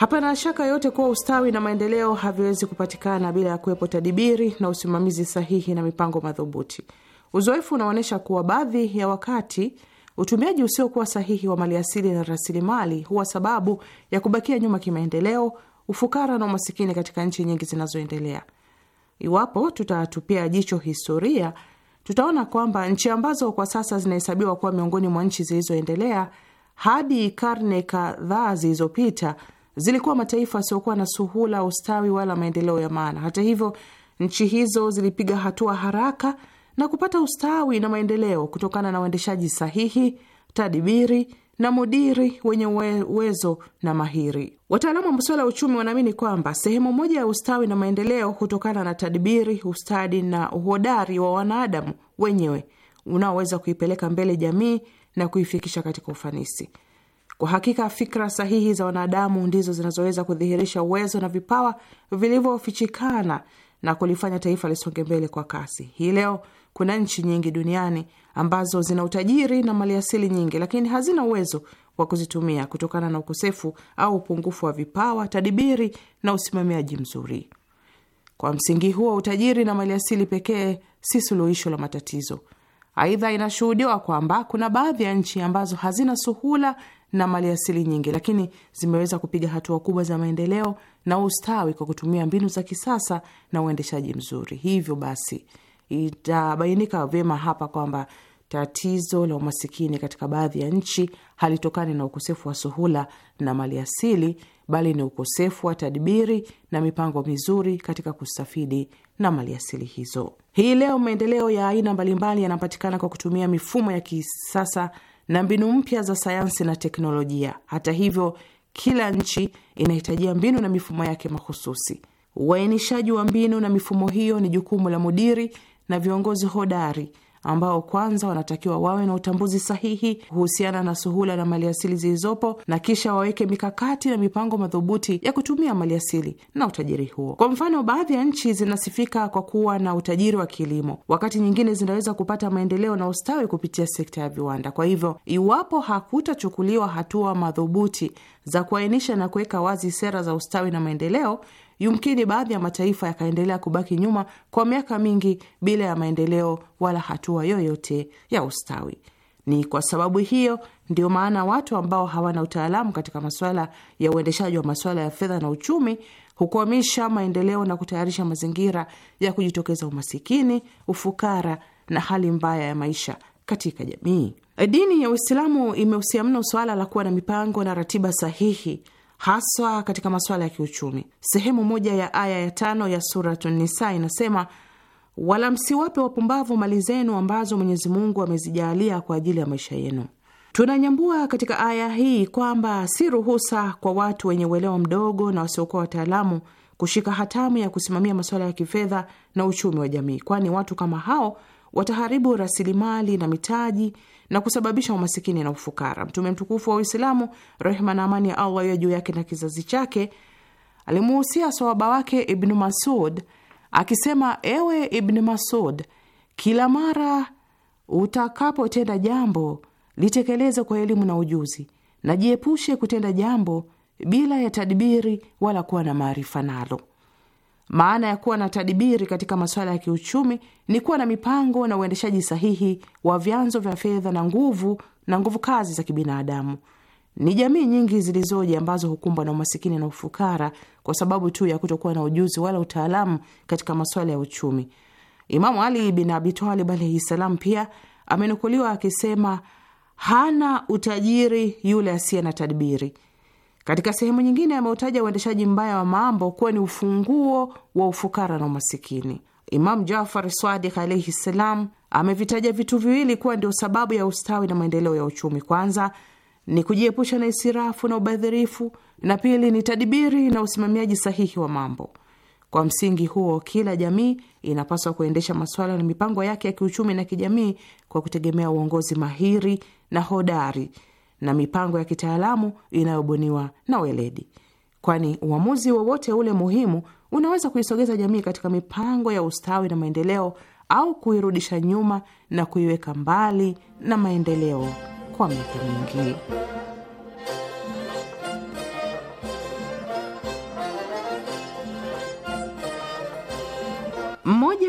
Hapana shaka yote kuwa ustawi na maendeleo haviwezi kupatikana bila ya kuwepo tadibiri na usimamizi sahihi na mipango madhubuti. Uzoefu unaonyesha kuwa baadhi ya wakati utumiaji usiokuwa sahihi wa maliasili na rasilimali huwa sababu ya kubakia nyuma kimaendeleo, ufukara na umasikini katika nchi nyingi zinazoendelea. Iwapo tutatupia jicho historia, tutaona kwamba nchi ambazo kwa sasa zinahesabiwa kuwa miongoni mwa nchi zilizoendelea hadi karne kadhaa zilizopita zilikuwa mataifa yasiokuwa na suhula, ustawi wala maendeleo ya maana. Hata hivyo, nchi hizo zilipiga hatua haraka na kupata ustawi na maendeleo kutokana na uendeshaji sahihi, tadibiri na mudiri wenye uwezo na mahiri. Wataalamu wa masuala ya uchumi wanaamini kwamba sehemu moja ya ustawi na maendeleo hutokana na tadibiri, ustadi na uhodari wa wanadamu wenyewe unaoweza kuipeleka mbele jamii na kuifikisha katika ufanisi. Kwa hakika fikra sahihi za wanadamu ndizo zinazoweza kudhihirisha uwezo na vipawa vilivyofichikana na kulifanya taifa lisonge mbele kwa kasi. Hii leo kuna nchi nyingi duniani ambazo zina utajiri na maliasili nyingi, lakini hazina uwezo wa kuzitumia kutokana na ukosefu au upungufu wa vipawa, tadibiri na usimamiaji mzuri. Kwa msingi huo, utajiri na maliasili pekee si suluhisho la matatizo. Aidha, inashuhudiwa kwamba kuna baadhi ya nchi ambazo hazina suhula na maliasili nyingi, lakini zimeweza kupiga hatua kubwa za maendeleo na ustawi kwa kutumia mbinu za kisasa na uendeshaji mzuri. Hivyo basi, itabainika vyema hapa kwamba tatizo la umasikini katika baadhi ya nchi halitokani na ukosefu wa suhula na maliasili, bali ni ukosefu wa tadbiri na mipango mizuri katika kustafidi na maliasili hizo. Hii leo maendeleo ya aina mbalimbali yanapatikana kwa kutumia mifumo ya kisasa na mbinu mpya za sayansi na teknolojia. Hata hivyo, kila nchi inahitajia mbinu na mifumo yake mahususi. Uainishaji wa mbinu na mifumo hiyo ni jukumu la mudiri na viongozi hodari ambao kwanza wanatakiwa wawe na utambuzi sahihi kuhusiana na suhula na maliasili zilizopo na kisha waweke mikakati na mipango madhubuti ya kutumia maliasili na utajiri huo. Kwa mfano, baadhi ya nchi zinasifika kwa kuwa na utajiri wa kilimo, wakati nyingine zinaweza kupata maendeleo na ustawi kupitia sekta ya viwanda. Kwa hivyo, iwapo hakutachukuliwa hatua madhubuti za kuainisha na kuweka wazi sera za ustawi na maendeleo Yumkini baadhi ya mataifa yakaendelea kubaki nyuma kwa miaka mingi bila ya maendeleo wala hatua yoyote ya ustawi. Ni kwa sababu hiyo ndio maana watu ambao hawana utaalamu katika masuala ya uendeshaji wa masuala ya fedha na uchumi hukwamisha maendeleo na kutayarisha mazingira ya kujitokeza umasikini, ufukara na hali mbaya ya maisha katika jamii. Dini ya Uislamu imehusia mno suala la kuwa na mipango na ratiba sahihi haswa katika masuala ya kiuchumi. Sehemu moja ya aya ya tano ya suratu Nisa inasema wala msiwape wapumbavu mali zenu ambazo Mwenyezi Mungu amezijaalia kwa ajili ya maisha yenu. Tunanyambua katika aya hii kwamba si ruhusa kwa watu wenye uelewa mdogo na wasiokuwa wataalamu kushika hatamu ya kusimamia masuala ya kifedha na uchumi wa jamii, kwani watu kama hao wataharibu rasilimali na mitaji na kusababisha umasikini na ufukara. Mtume mtukufu wa Uislamu, rehma na amani ya Allah ya juu yake na kizazi chake, alimuhusia sawaba wake Ibnu Masud akisema: ewe ibnu Masud, kila mara utakapotenda jambo litekeleze kwa elimu na ujuzi, na jiepushe kutenda jambo bila ya tadbiri wala kuwa na maarifa nalo. Maana ya kuwa na tadibiri katika masuala ya kiuchumi ni kuwa na mipango na uendeshaji sahihi wa vyanzo vya fedha na nguvu na nguvu kazi za kibinadamu. Ni jamii nyingi zilizoje ambazo hukumbwa na umasikini na ufukara kwa sababu tu ya kutokuwa na ujuzi wala utaalamu katika masuala ya uchumi. Imamu Ali bin Abi Talib alaihi salam pia amenukuliwa akisema, hana utajiri yule asiye na tadibiri katika sehemu nyingine ameutaja uendeshaji mbaya wa mambo kuwa ni ufunguo wa ufukara na umasikini. Imamu Jafar Swadik alaihi ssalam amevitaja vitu viwili kuwa ndio sababu ya ustawi na maendeleo ya uchumi. Kwanza ni kujiepusha na isirafu na ubadhirifu, na pili ni tadibiri na usimamiaji sahihi wa mambo. Kwa msingi huo, kila jamii inapaswa kuendesha masuala na mipango yake ya kiuchumi na kijamii kwa kutegemea uongozi mahiri na hodari na mipango ya kitaalamu inayobuniwa na weledi, kwani uamuzi wowote ule muhimu unaweza kuisogeza jamii katika mipango ya ustawi na maendeleo au kuirudisha nyuma na kuiweka mbali na maendeleo kwa miaka mingi.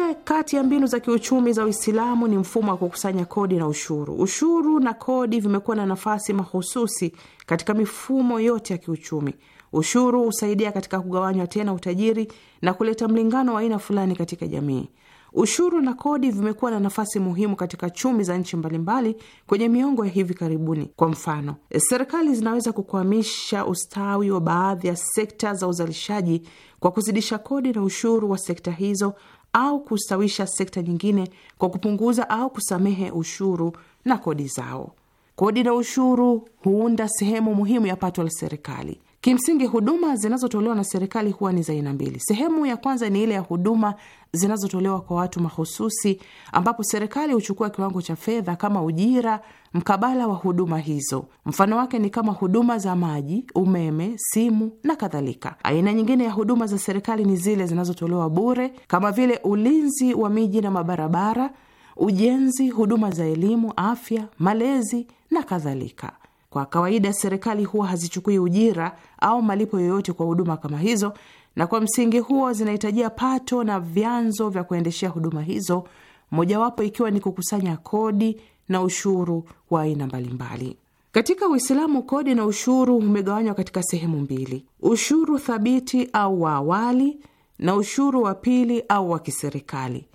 Moja kati ya mbinu za kiuchumi za Uislamu ni mfumo wa kukusanya kodi na ushuru. Ushuru na kodi vimekuwa na nafasi mahususi katika mifumo yote ya kiuchumi. Ushuru husaidia katika kugawanywa tena utajiri na kuleta mlingano wa aina fulani katika jamii. Ushuru na kodi vimekuwa na nafasi muhimu katika chumi za nchi mbalimbali kwenye miongo ya hivi karibuni. Kwa mfano, serikali zinaweza kukwamisha ustawi wa baadhi ya sekta za uzalishaji kwa kuzidisha kodi na ushuru wa sekta hizo au kustawisha sekta nyingine kwa kupunguza au kusamehe ushuru na kodi zao. Kodi na ushuru huunda sehemu muhimu ya pato la serikali. Kimsingi, huduma zinazotolewa na serikali huwa ni za aina mbili. Sehemu ya kwanza ni ile ya huduma zinazotolewa kwa watu mahususi, ambapo serikali huchukua kiwango cha fedha kama ujira mkabala wa huduma hizo. Mfano wake ni kama huduma za maji, umeme, simu na kadhalika. Aina nyingine ya huduma za serikali ni zile zinazotolewa bure kama vile ulinzi wa miji na mabarabara, ujenzi, huduma za elimu, afya, malezi na kadhalika. Kwa kawaida serikali huwa hazichukui ujira au malipo yoyote kwa huduma kama hizo, na kwa msingi huo zinahitajia pato na vyanzo vya kuendeshea huduma hizo, mojawapo ikiwa ni kukusanya kodi na ushuru wa aina mbalimbali. Katika Uislamu, kodi na ushuru umegawanywa katika sehemu mbili: ushuru thabiti au wa awali na ushuru wa pili au wa kiserikali.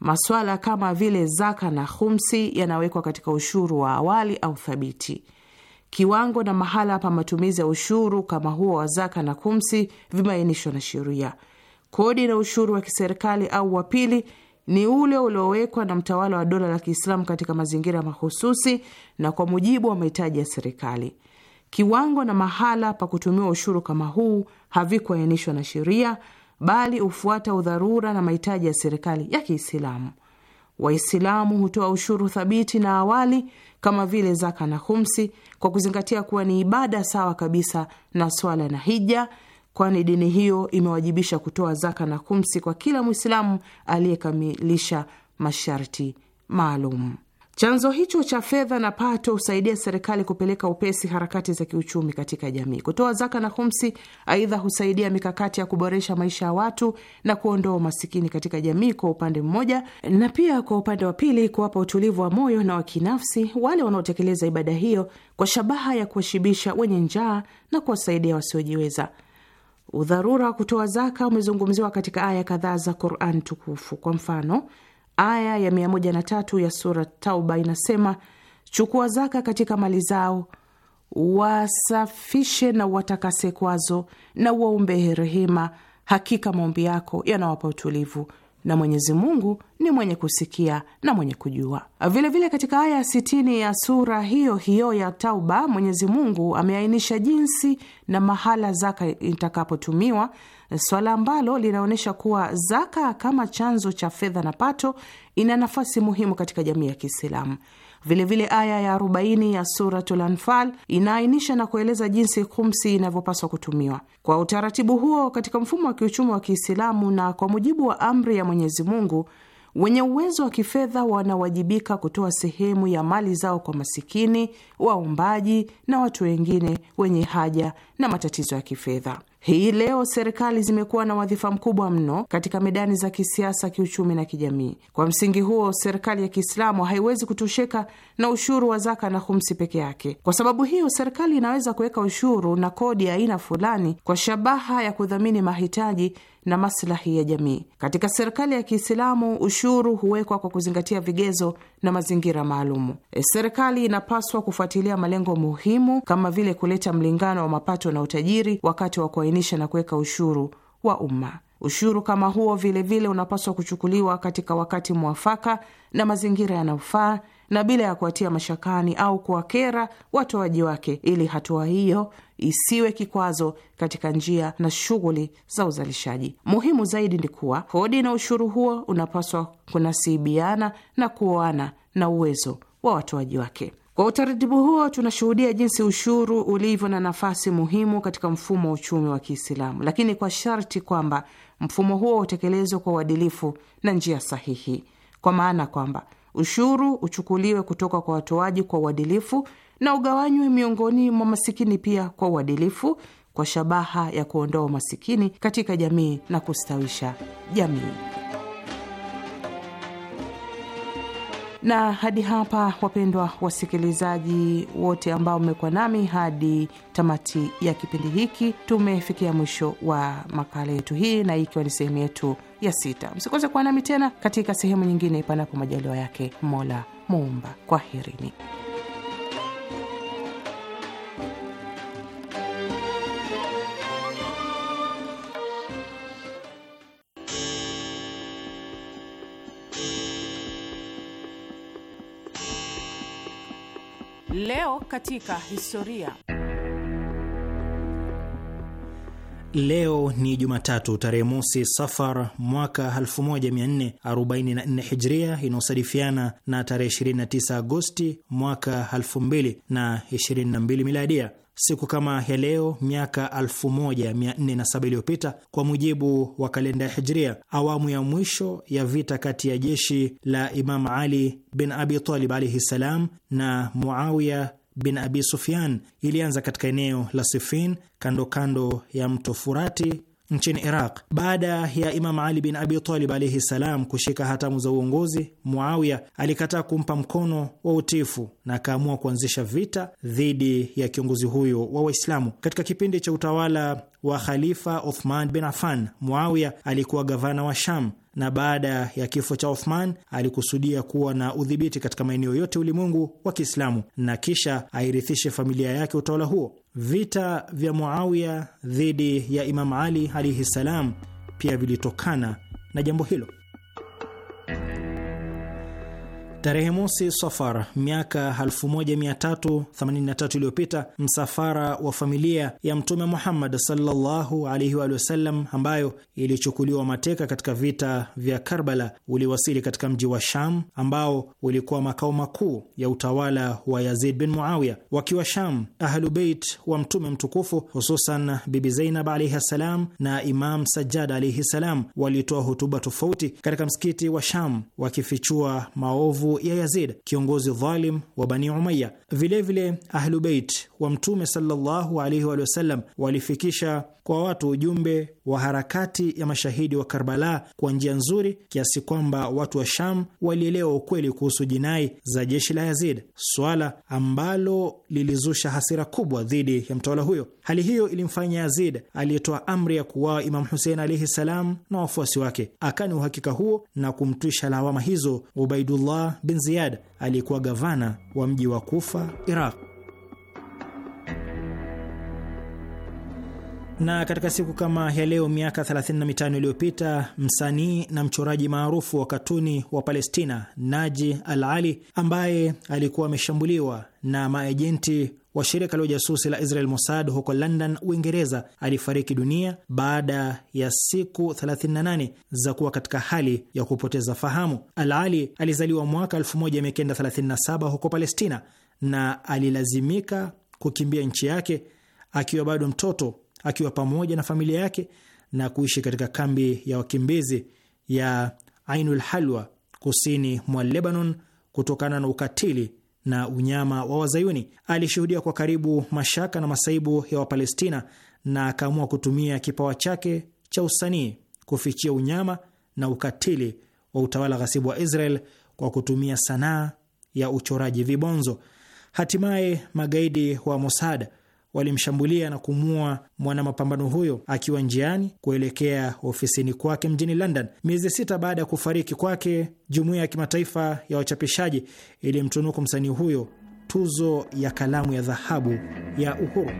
Maswala kama vile zaka na khumsi yanawekwa katika ushuru wa awali au thabiti. Kiwango na mahala pa matumizi ya ushuru kama huo wa zaka na kumsi vimeainishwa na sheria. Kodi na ushuru wa kiserikali au wa pili ni ule uliowekwa na mtawala wa dola la Kiislamu katika mazingira mahususi na kwa mujibu wa mahitaji ya serikali. Kiwango na mahala pa kutumiwa ushuru kama huu havikuainishwa na sheria, bali hufuata udharura na mahitaji ya serikali ya Kiislamu. Waislamu hutoa ushuru thabiti na awali kama vile zaka na humsi, kwa kuzingatia kuwa ni ibada sawa kabisa na swala na hija, kwani dini hiyo imewajibisha kutoa zaka na humsi kwa kila Mwislamu aliyekamilisha masharti maalum. Chanzo hicho cha fedha na pato husaidia serikali kupeleka upesi harakati za kiuchumi katika jamii. Kutoa zaka na humsi, aidha, husaidia mikakati ya kuboresha maisha ya watu na kuondoa umasikini katika jamii kwa upande mmoja, na pia kwa upande wa pili kuwapa utulivu wa moyo na wa kinafsi wale wanaotekeleza ibada hiyo kwa shabaha ya kuwashibisha wenye njaa na kuwasaidia wasiojiweza. Udharura wa kutoa zaka umezungumziwa katika aya kadhaa za Quran tukufu. Kwa mfano Aya ya tatu ya sura Tauba inasema, chukua zaka katika mali zao, wasafishe na watakase kwazo, na waombe rehema. Hakika maombi yako yanawapa utulivu na Mwenyezi Mungu ni mwenye kusikia na mwenye kujua. Vilevile vile katika aya ya sitini ya sura hiyo hiyo ya Tauba, Mwenyezi Mungu ameainisha jinsi na mahala zaka itakapotumiwa swala ambalo linaonyesha kuwa zaka kama chanzo cha fedha na pato ina nafasi muhimu katika jamii ya Kiislamu. Vilevile, aya ya 40 ya Suratul Anfal inaainisha na kueleza jinsi khumsi inavyopaswa kutumiwa kwa utaratibu huo katika mfumo wa kiuchumi wa Kiislamu, na kwa mujibu wa amri ya Mwenyezi Mungu, wenye uwezo wa kifedha wanawajibika kutoa sehemu ya mali zao kwa masikini, waombaji na watu wengine wenye haja na matatizo ya kifedha. Hii leo serikali zimekuwa na wadhifa mkubwa mno katika medani za kisiasa, kiuchumi na kijamii. Kwa msingi huo, serikali ya Kiislamu haiwezi kutosheka na ushuru wa zaka na humsi peke yake. Kwa sababu hiyo, serikali inaweza kuweka ushuru na kodi ya aina fulani kwa shabaha ya kudhamini mahitaji na maslahi ya jamii. Katika serikali ya Kiislamu, ushuru huwekwa kwa kuzingatia vigezo na mazingira maalumu. E, serikali inapaswa kufuatilia malengo muhimu kama vile kuleta mlingano wa mapato na utajiri wakati wa kuainisha na kuweka ushuru wa umma. Ushuru kama huo vilevile vile unapaswa kuchukuliwa katika wakati mwafaka na mazingira yanayofaa na bila ya kuwatia mashakani au kuwakera watoaji wake, ili hatua hiyo isiwe kikwazo katika njia na shughuli za uzalishaji. Muhimu zaidi ni kuwa kodi na ushuru huo unapaswa kunasibiana na kuoana na uwezo wa watoaji wake. Kwa utaratibu huo tunashuhudia jinsi ushuru ulivyo na nafasi muhimu katika mfumo wa uchumi wa Kiislamu, lakini kwa sharti kwamba mfumo huo utekelezwe kwa uadilifu na njia sahihi, kwa maana kwamba ushuru uchukuliwe kutoka kwa watoaji kwa uadilifu na ugawanywe miongoni mwa masikini pia kwa uadilifu, kwa shabaha ya kuondoa umasikini katika jamii na kustawisha jamii. Na hadi hapa, wapendwa wasikilizaji wote ambao mmekuwa nami hadi tamati ya kipindi hiki, tumefikia mwisho wa makala yetu hii, na hii ikiwa ni sehemu yetu ya sita. Msikose kuwa nami tena katika sehemu nyingine, panapo majaliwa yake Mola Muumba. Kwaherini. Leo katika historia. Leo ni Jumatatu tarehe mosi Safar mwaka 1444 Hijria, inayosadifiana na tarehe 29 Agosti mwaka 2022 Miladia siku kama ya leo miaka 1407 iliyopita kwa mujibu wa kalenda ya Hijria, awamu ya mwisho ya vita kati ya jeshi la Imam Ali bin Abi Talib alaihi ssalam na Muawiya bin Abi Sufyan ilianza katika eneo la Sifin kando kando ya mto Furati nchini Iraq. Baada ya Imam Ali bin Abi Talib alaihi salam kushika hatamu za uongozi, Muawiya alikataa kumpa mkono wa utifu na akaamua kuanzisha vita dhidi ya kiongozi huyo wa Waislamu. Katika kipindi cha utawala wa Khalifa Othman bin Affan, Muawiya alikuwa gavana wa Sham na baada ya kifo cha Othman alikusudia kuwa na udhibiti katika maeneo yote ulimwengu wa Kiislamu na kisha airithishe familia yake utawala huo. Vita vya Muawiya dhidi ya Imam Ali alaihi ssalam pia vilitokana na jambo hilo. Tarehe mosi Safar miaka 1383 iliyopita, msafara wa familia ya Mtume Muhammad sallallahu alaihi wa sallam, ambayo ilichukuliwa mateka katika vita vya Karbala, uliwasili katika mji wa Sham ambao ulikuwa makao makuu ya utawala wa Yazid bin Muawiya. Wakiwa Sham, Ahlu Beit wa Mtume mtukufu, hususan Bibi Zainab alaihi ssalam na Imam Sajjad alaihi ssalam, walitoa hutuba tofauti katika msikiti wa Sham wakifichua maovu ya Yazid, kiongozi dhalim wa Bani Umayya. Vilevile Ahlubeit wa Mtume sallallahu alaihi wa sallam walifikisha kwa watu ujumbe wa harakati ya mashahidi wa Karbala kwa njia nzuri kiasi kwamba watu wa Sham walielewa ukweli kuhusu jinai za jeshi la Yazid, swala ambalo lilizusha hasira kubwa dhidi ya mtawala huyo. Hali hiyo ilimfanya Yazid aliyetoa amri ya kuwawa Imamu Husein alaihi salam na wafuasi wake akani uhakika huo na kumtwisha lawama hizo Ubaidullah bin Ziyad aliyekuwa gavana wa mji wa Kufa, Iraq. Na katika siku kama ya leo miaka 35 iliyopita msanii na mchoraji maarufu wa katuni wa Palestina Naji Al Ali ambaye alikuwa ameshambuliwa na maejenti wa shirika la ujasusi la Israel Mossad huko London, Uingereza, alifariki dunia baada ya siku 38 za kuwa katika hali ya kupoteza fahamu. Al Ali alizaliwa mwaka 1937 huko Palestina na alilazimika kukimbia nchi yake akiwa bado mtoto, akiwa pamoja na familia yake na kuishi katika kambi ya wakimbizi ya Ainul Halwa kusini mwa Lebanon kutokana na ukatili na unyama wa Wazayuni. Alishuhudia kwa karibu mashaka na masaibu ya Wapalestina na akaamua kutumia kipawa chake cha usanii kufichia unyama na ukatili wa utawala ghasibu wa Israel kwa kutumia sanaa ya uchoraji vibonzo. Hatimaye magaidi wa Mossad walimshambulia na kumua mwanamapambano huyo akiwa njiani kuelekea ofisini kwake mjini London. Miezi sita baada ya kufariki kwake, jumuiya ya kimataifa ya wachapishaji ilimtunuku msanii huyo tuzo ya kalamu ya dhahabu ya uhuru.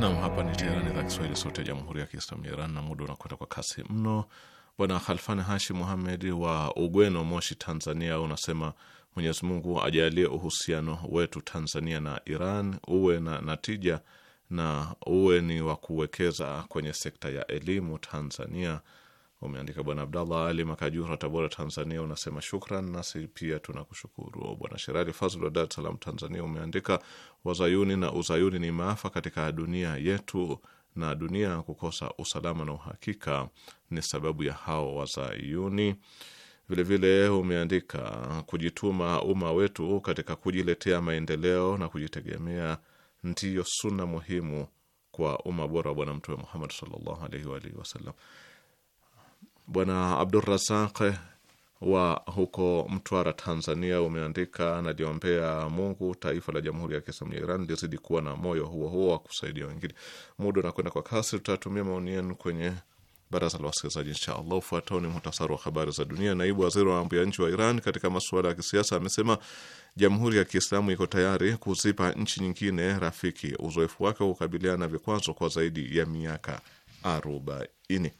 Nam, hapa ni Teherani, idhaa Kiswahili, sauti ya jamhuri ya kiislamu ya Iran, na muda unakwenda kwa kasi mno. Bwana Khalfan Hashi muhamedi wa Ugweno, Moshi, Tanzania, unasema Mwenyezi Mungu ajalie uhusiano wetu Tanzania na Iran uwe na natija na uwe ni wa kuwekeza kwenye sekta ya elimu Tanzania. Umeandika Bwana Abdallah Ali Makajura, Tabora, Tanzania. Unasema shukran, nasi pia tunakushukuru. Bwana Sherali Fazl wa Dar es Salaam, Tanzania, umeandika wazayuni na uzayuni ni maafa katika dunia yetu, na dunia kukosa usalama na uhakika ni sababu ya hao wazayuni. Vilevile umeandika kujituma umma wetu katika kujiletea maendeleo na kujitegemea ndiyo suna muhimu kwa umma bora wa Bwana Mtume Muhammad sallallahu alaihi wa alihi wasallam. Bwana Abdurazaq wa huko Mtwara, Tanzania, umeandika naliombea Mungu taifa la Jamhuri ya Kiislamu ya Iran lizidi kuwa na moyo huo huo wa kusaidia wengine. Muda unakwenda kwa kasi, tutatumia maoni yenu kwenye baraza la wasikilizaji. Insha allah ufuatao ni muhtasari wa habari za dunia. Naibu waziri wa mambo ya nchi wa Iran katika masuala ya kisiasa amesema jamhuri ya Kiislamu iko tayari kuzipa nchi nyingine rafiki uzoefu wake wa kukabiliana na vikwazo kwa zaidi ya miaka arobaini.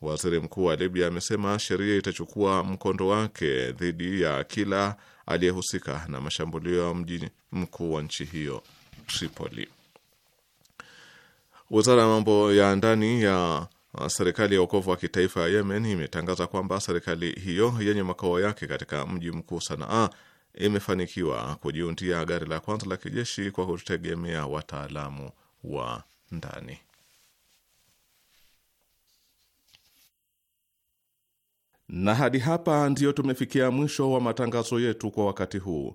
Waziri mkuu wa Libya amesema sheria itachukua mkondo wake dhidi ya kila aliyehusika na mashambulio ya mji mkuu wa nchi hiyo Tripoli. Wizara ya mambo ya ndani ya Uh, serikali ya ukovu wa Kitaifa ya Yemen imetangaza kwamba serikali hiyo yenye makao yake katika mji mkuu Sanaa imefanikiwa kujiundia gari la kwanza la kijeshi kwa kutegemea wataalamu wa ndani. Na hadi hapa ndiyo tumefikia mwisho wa matangazo yetu kwa wakati huu.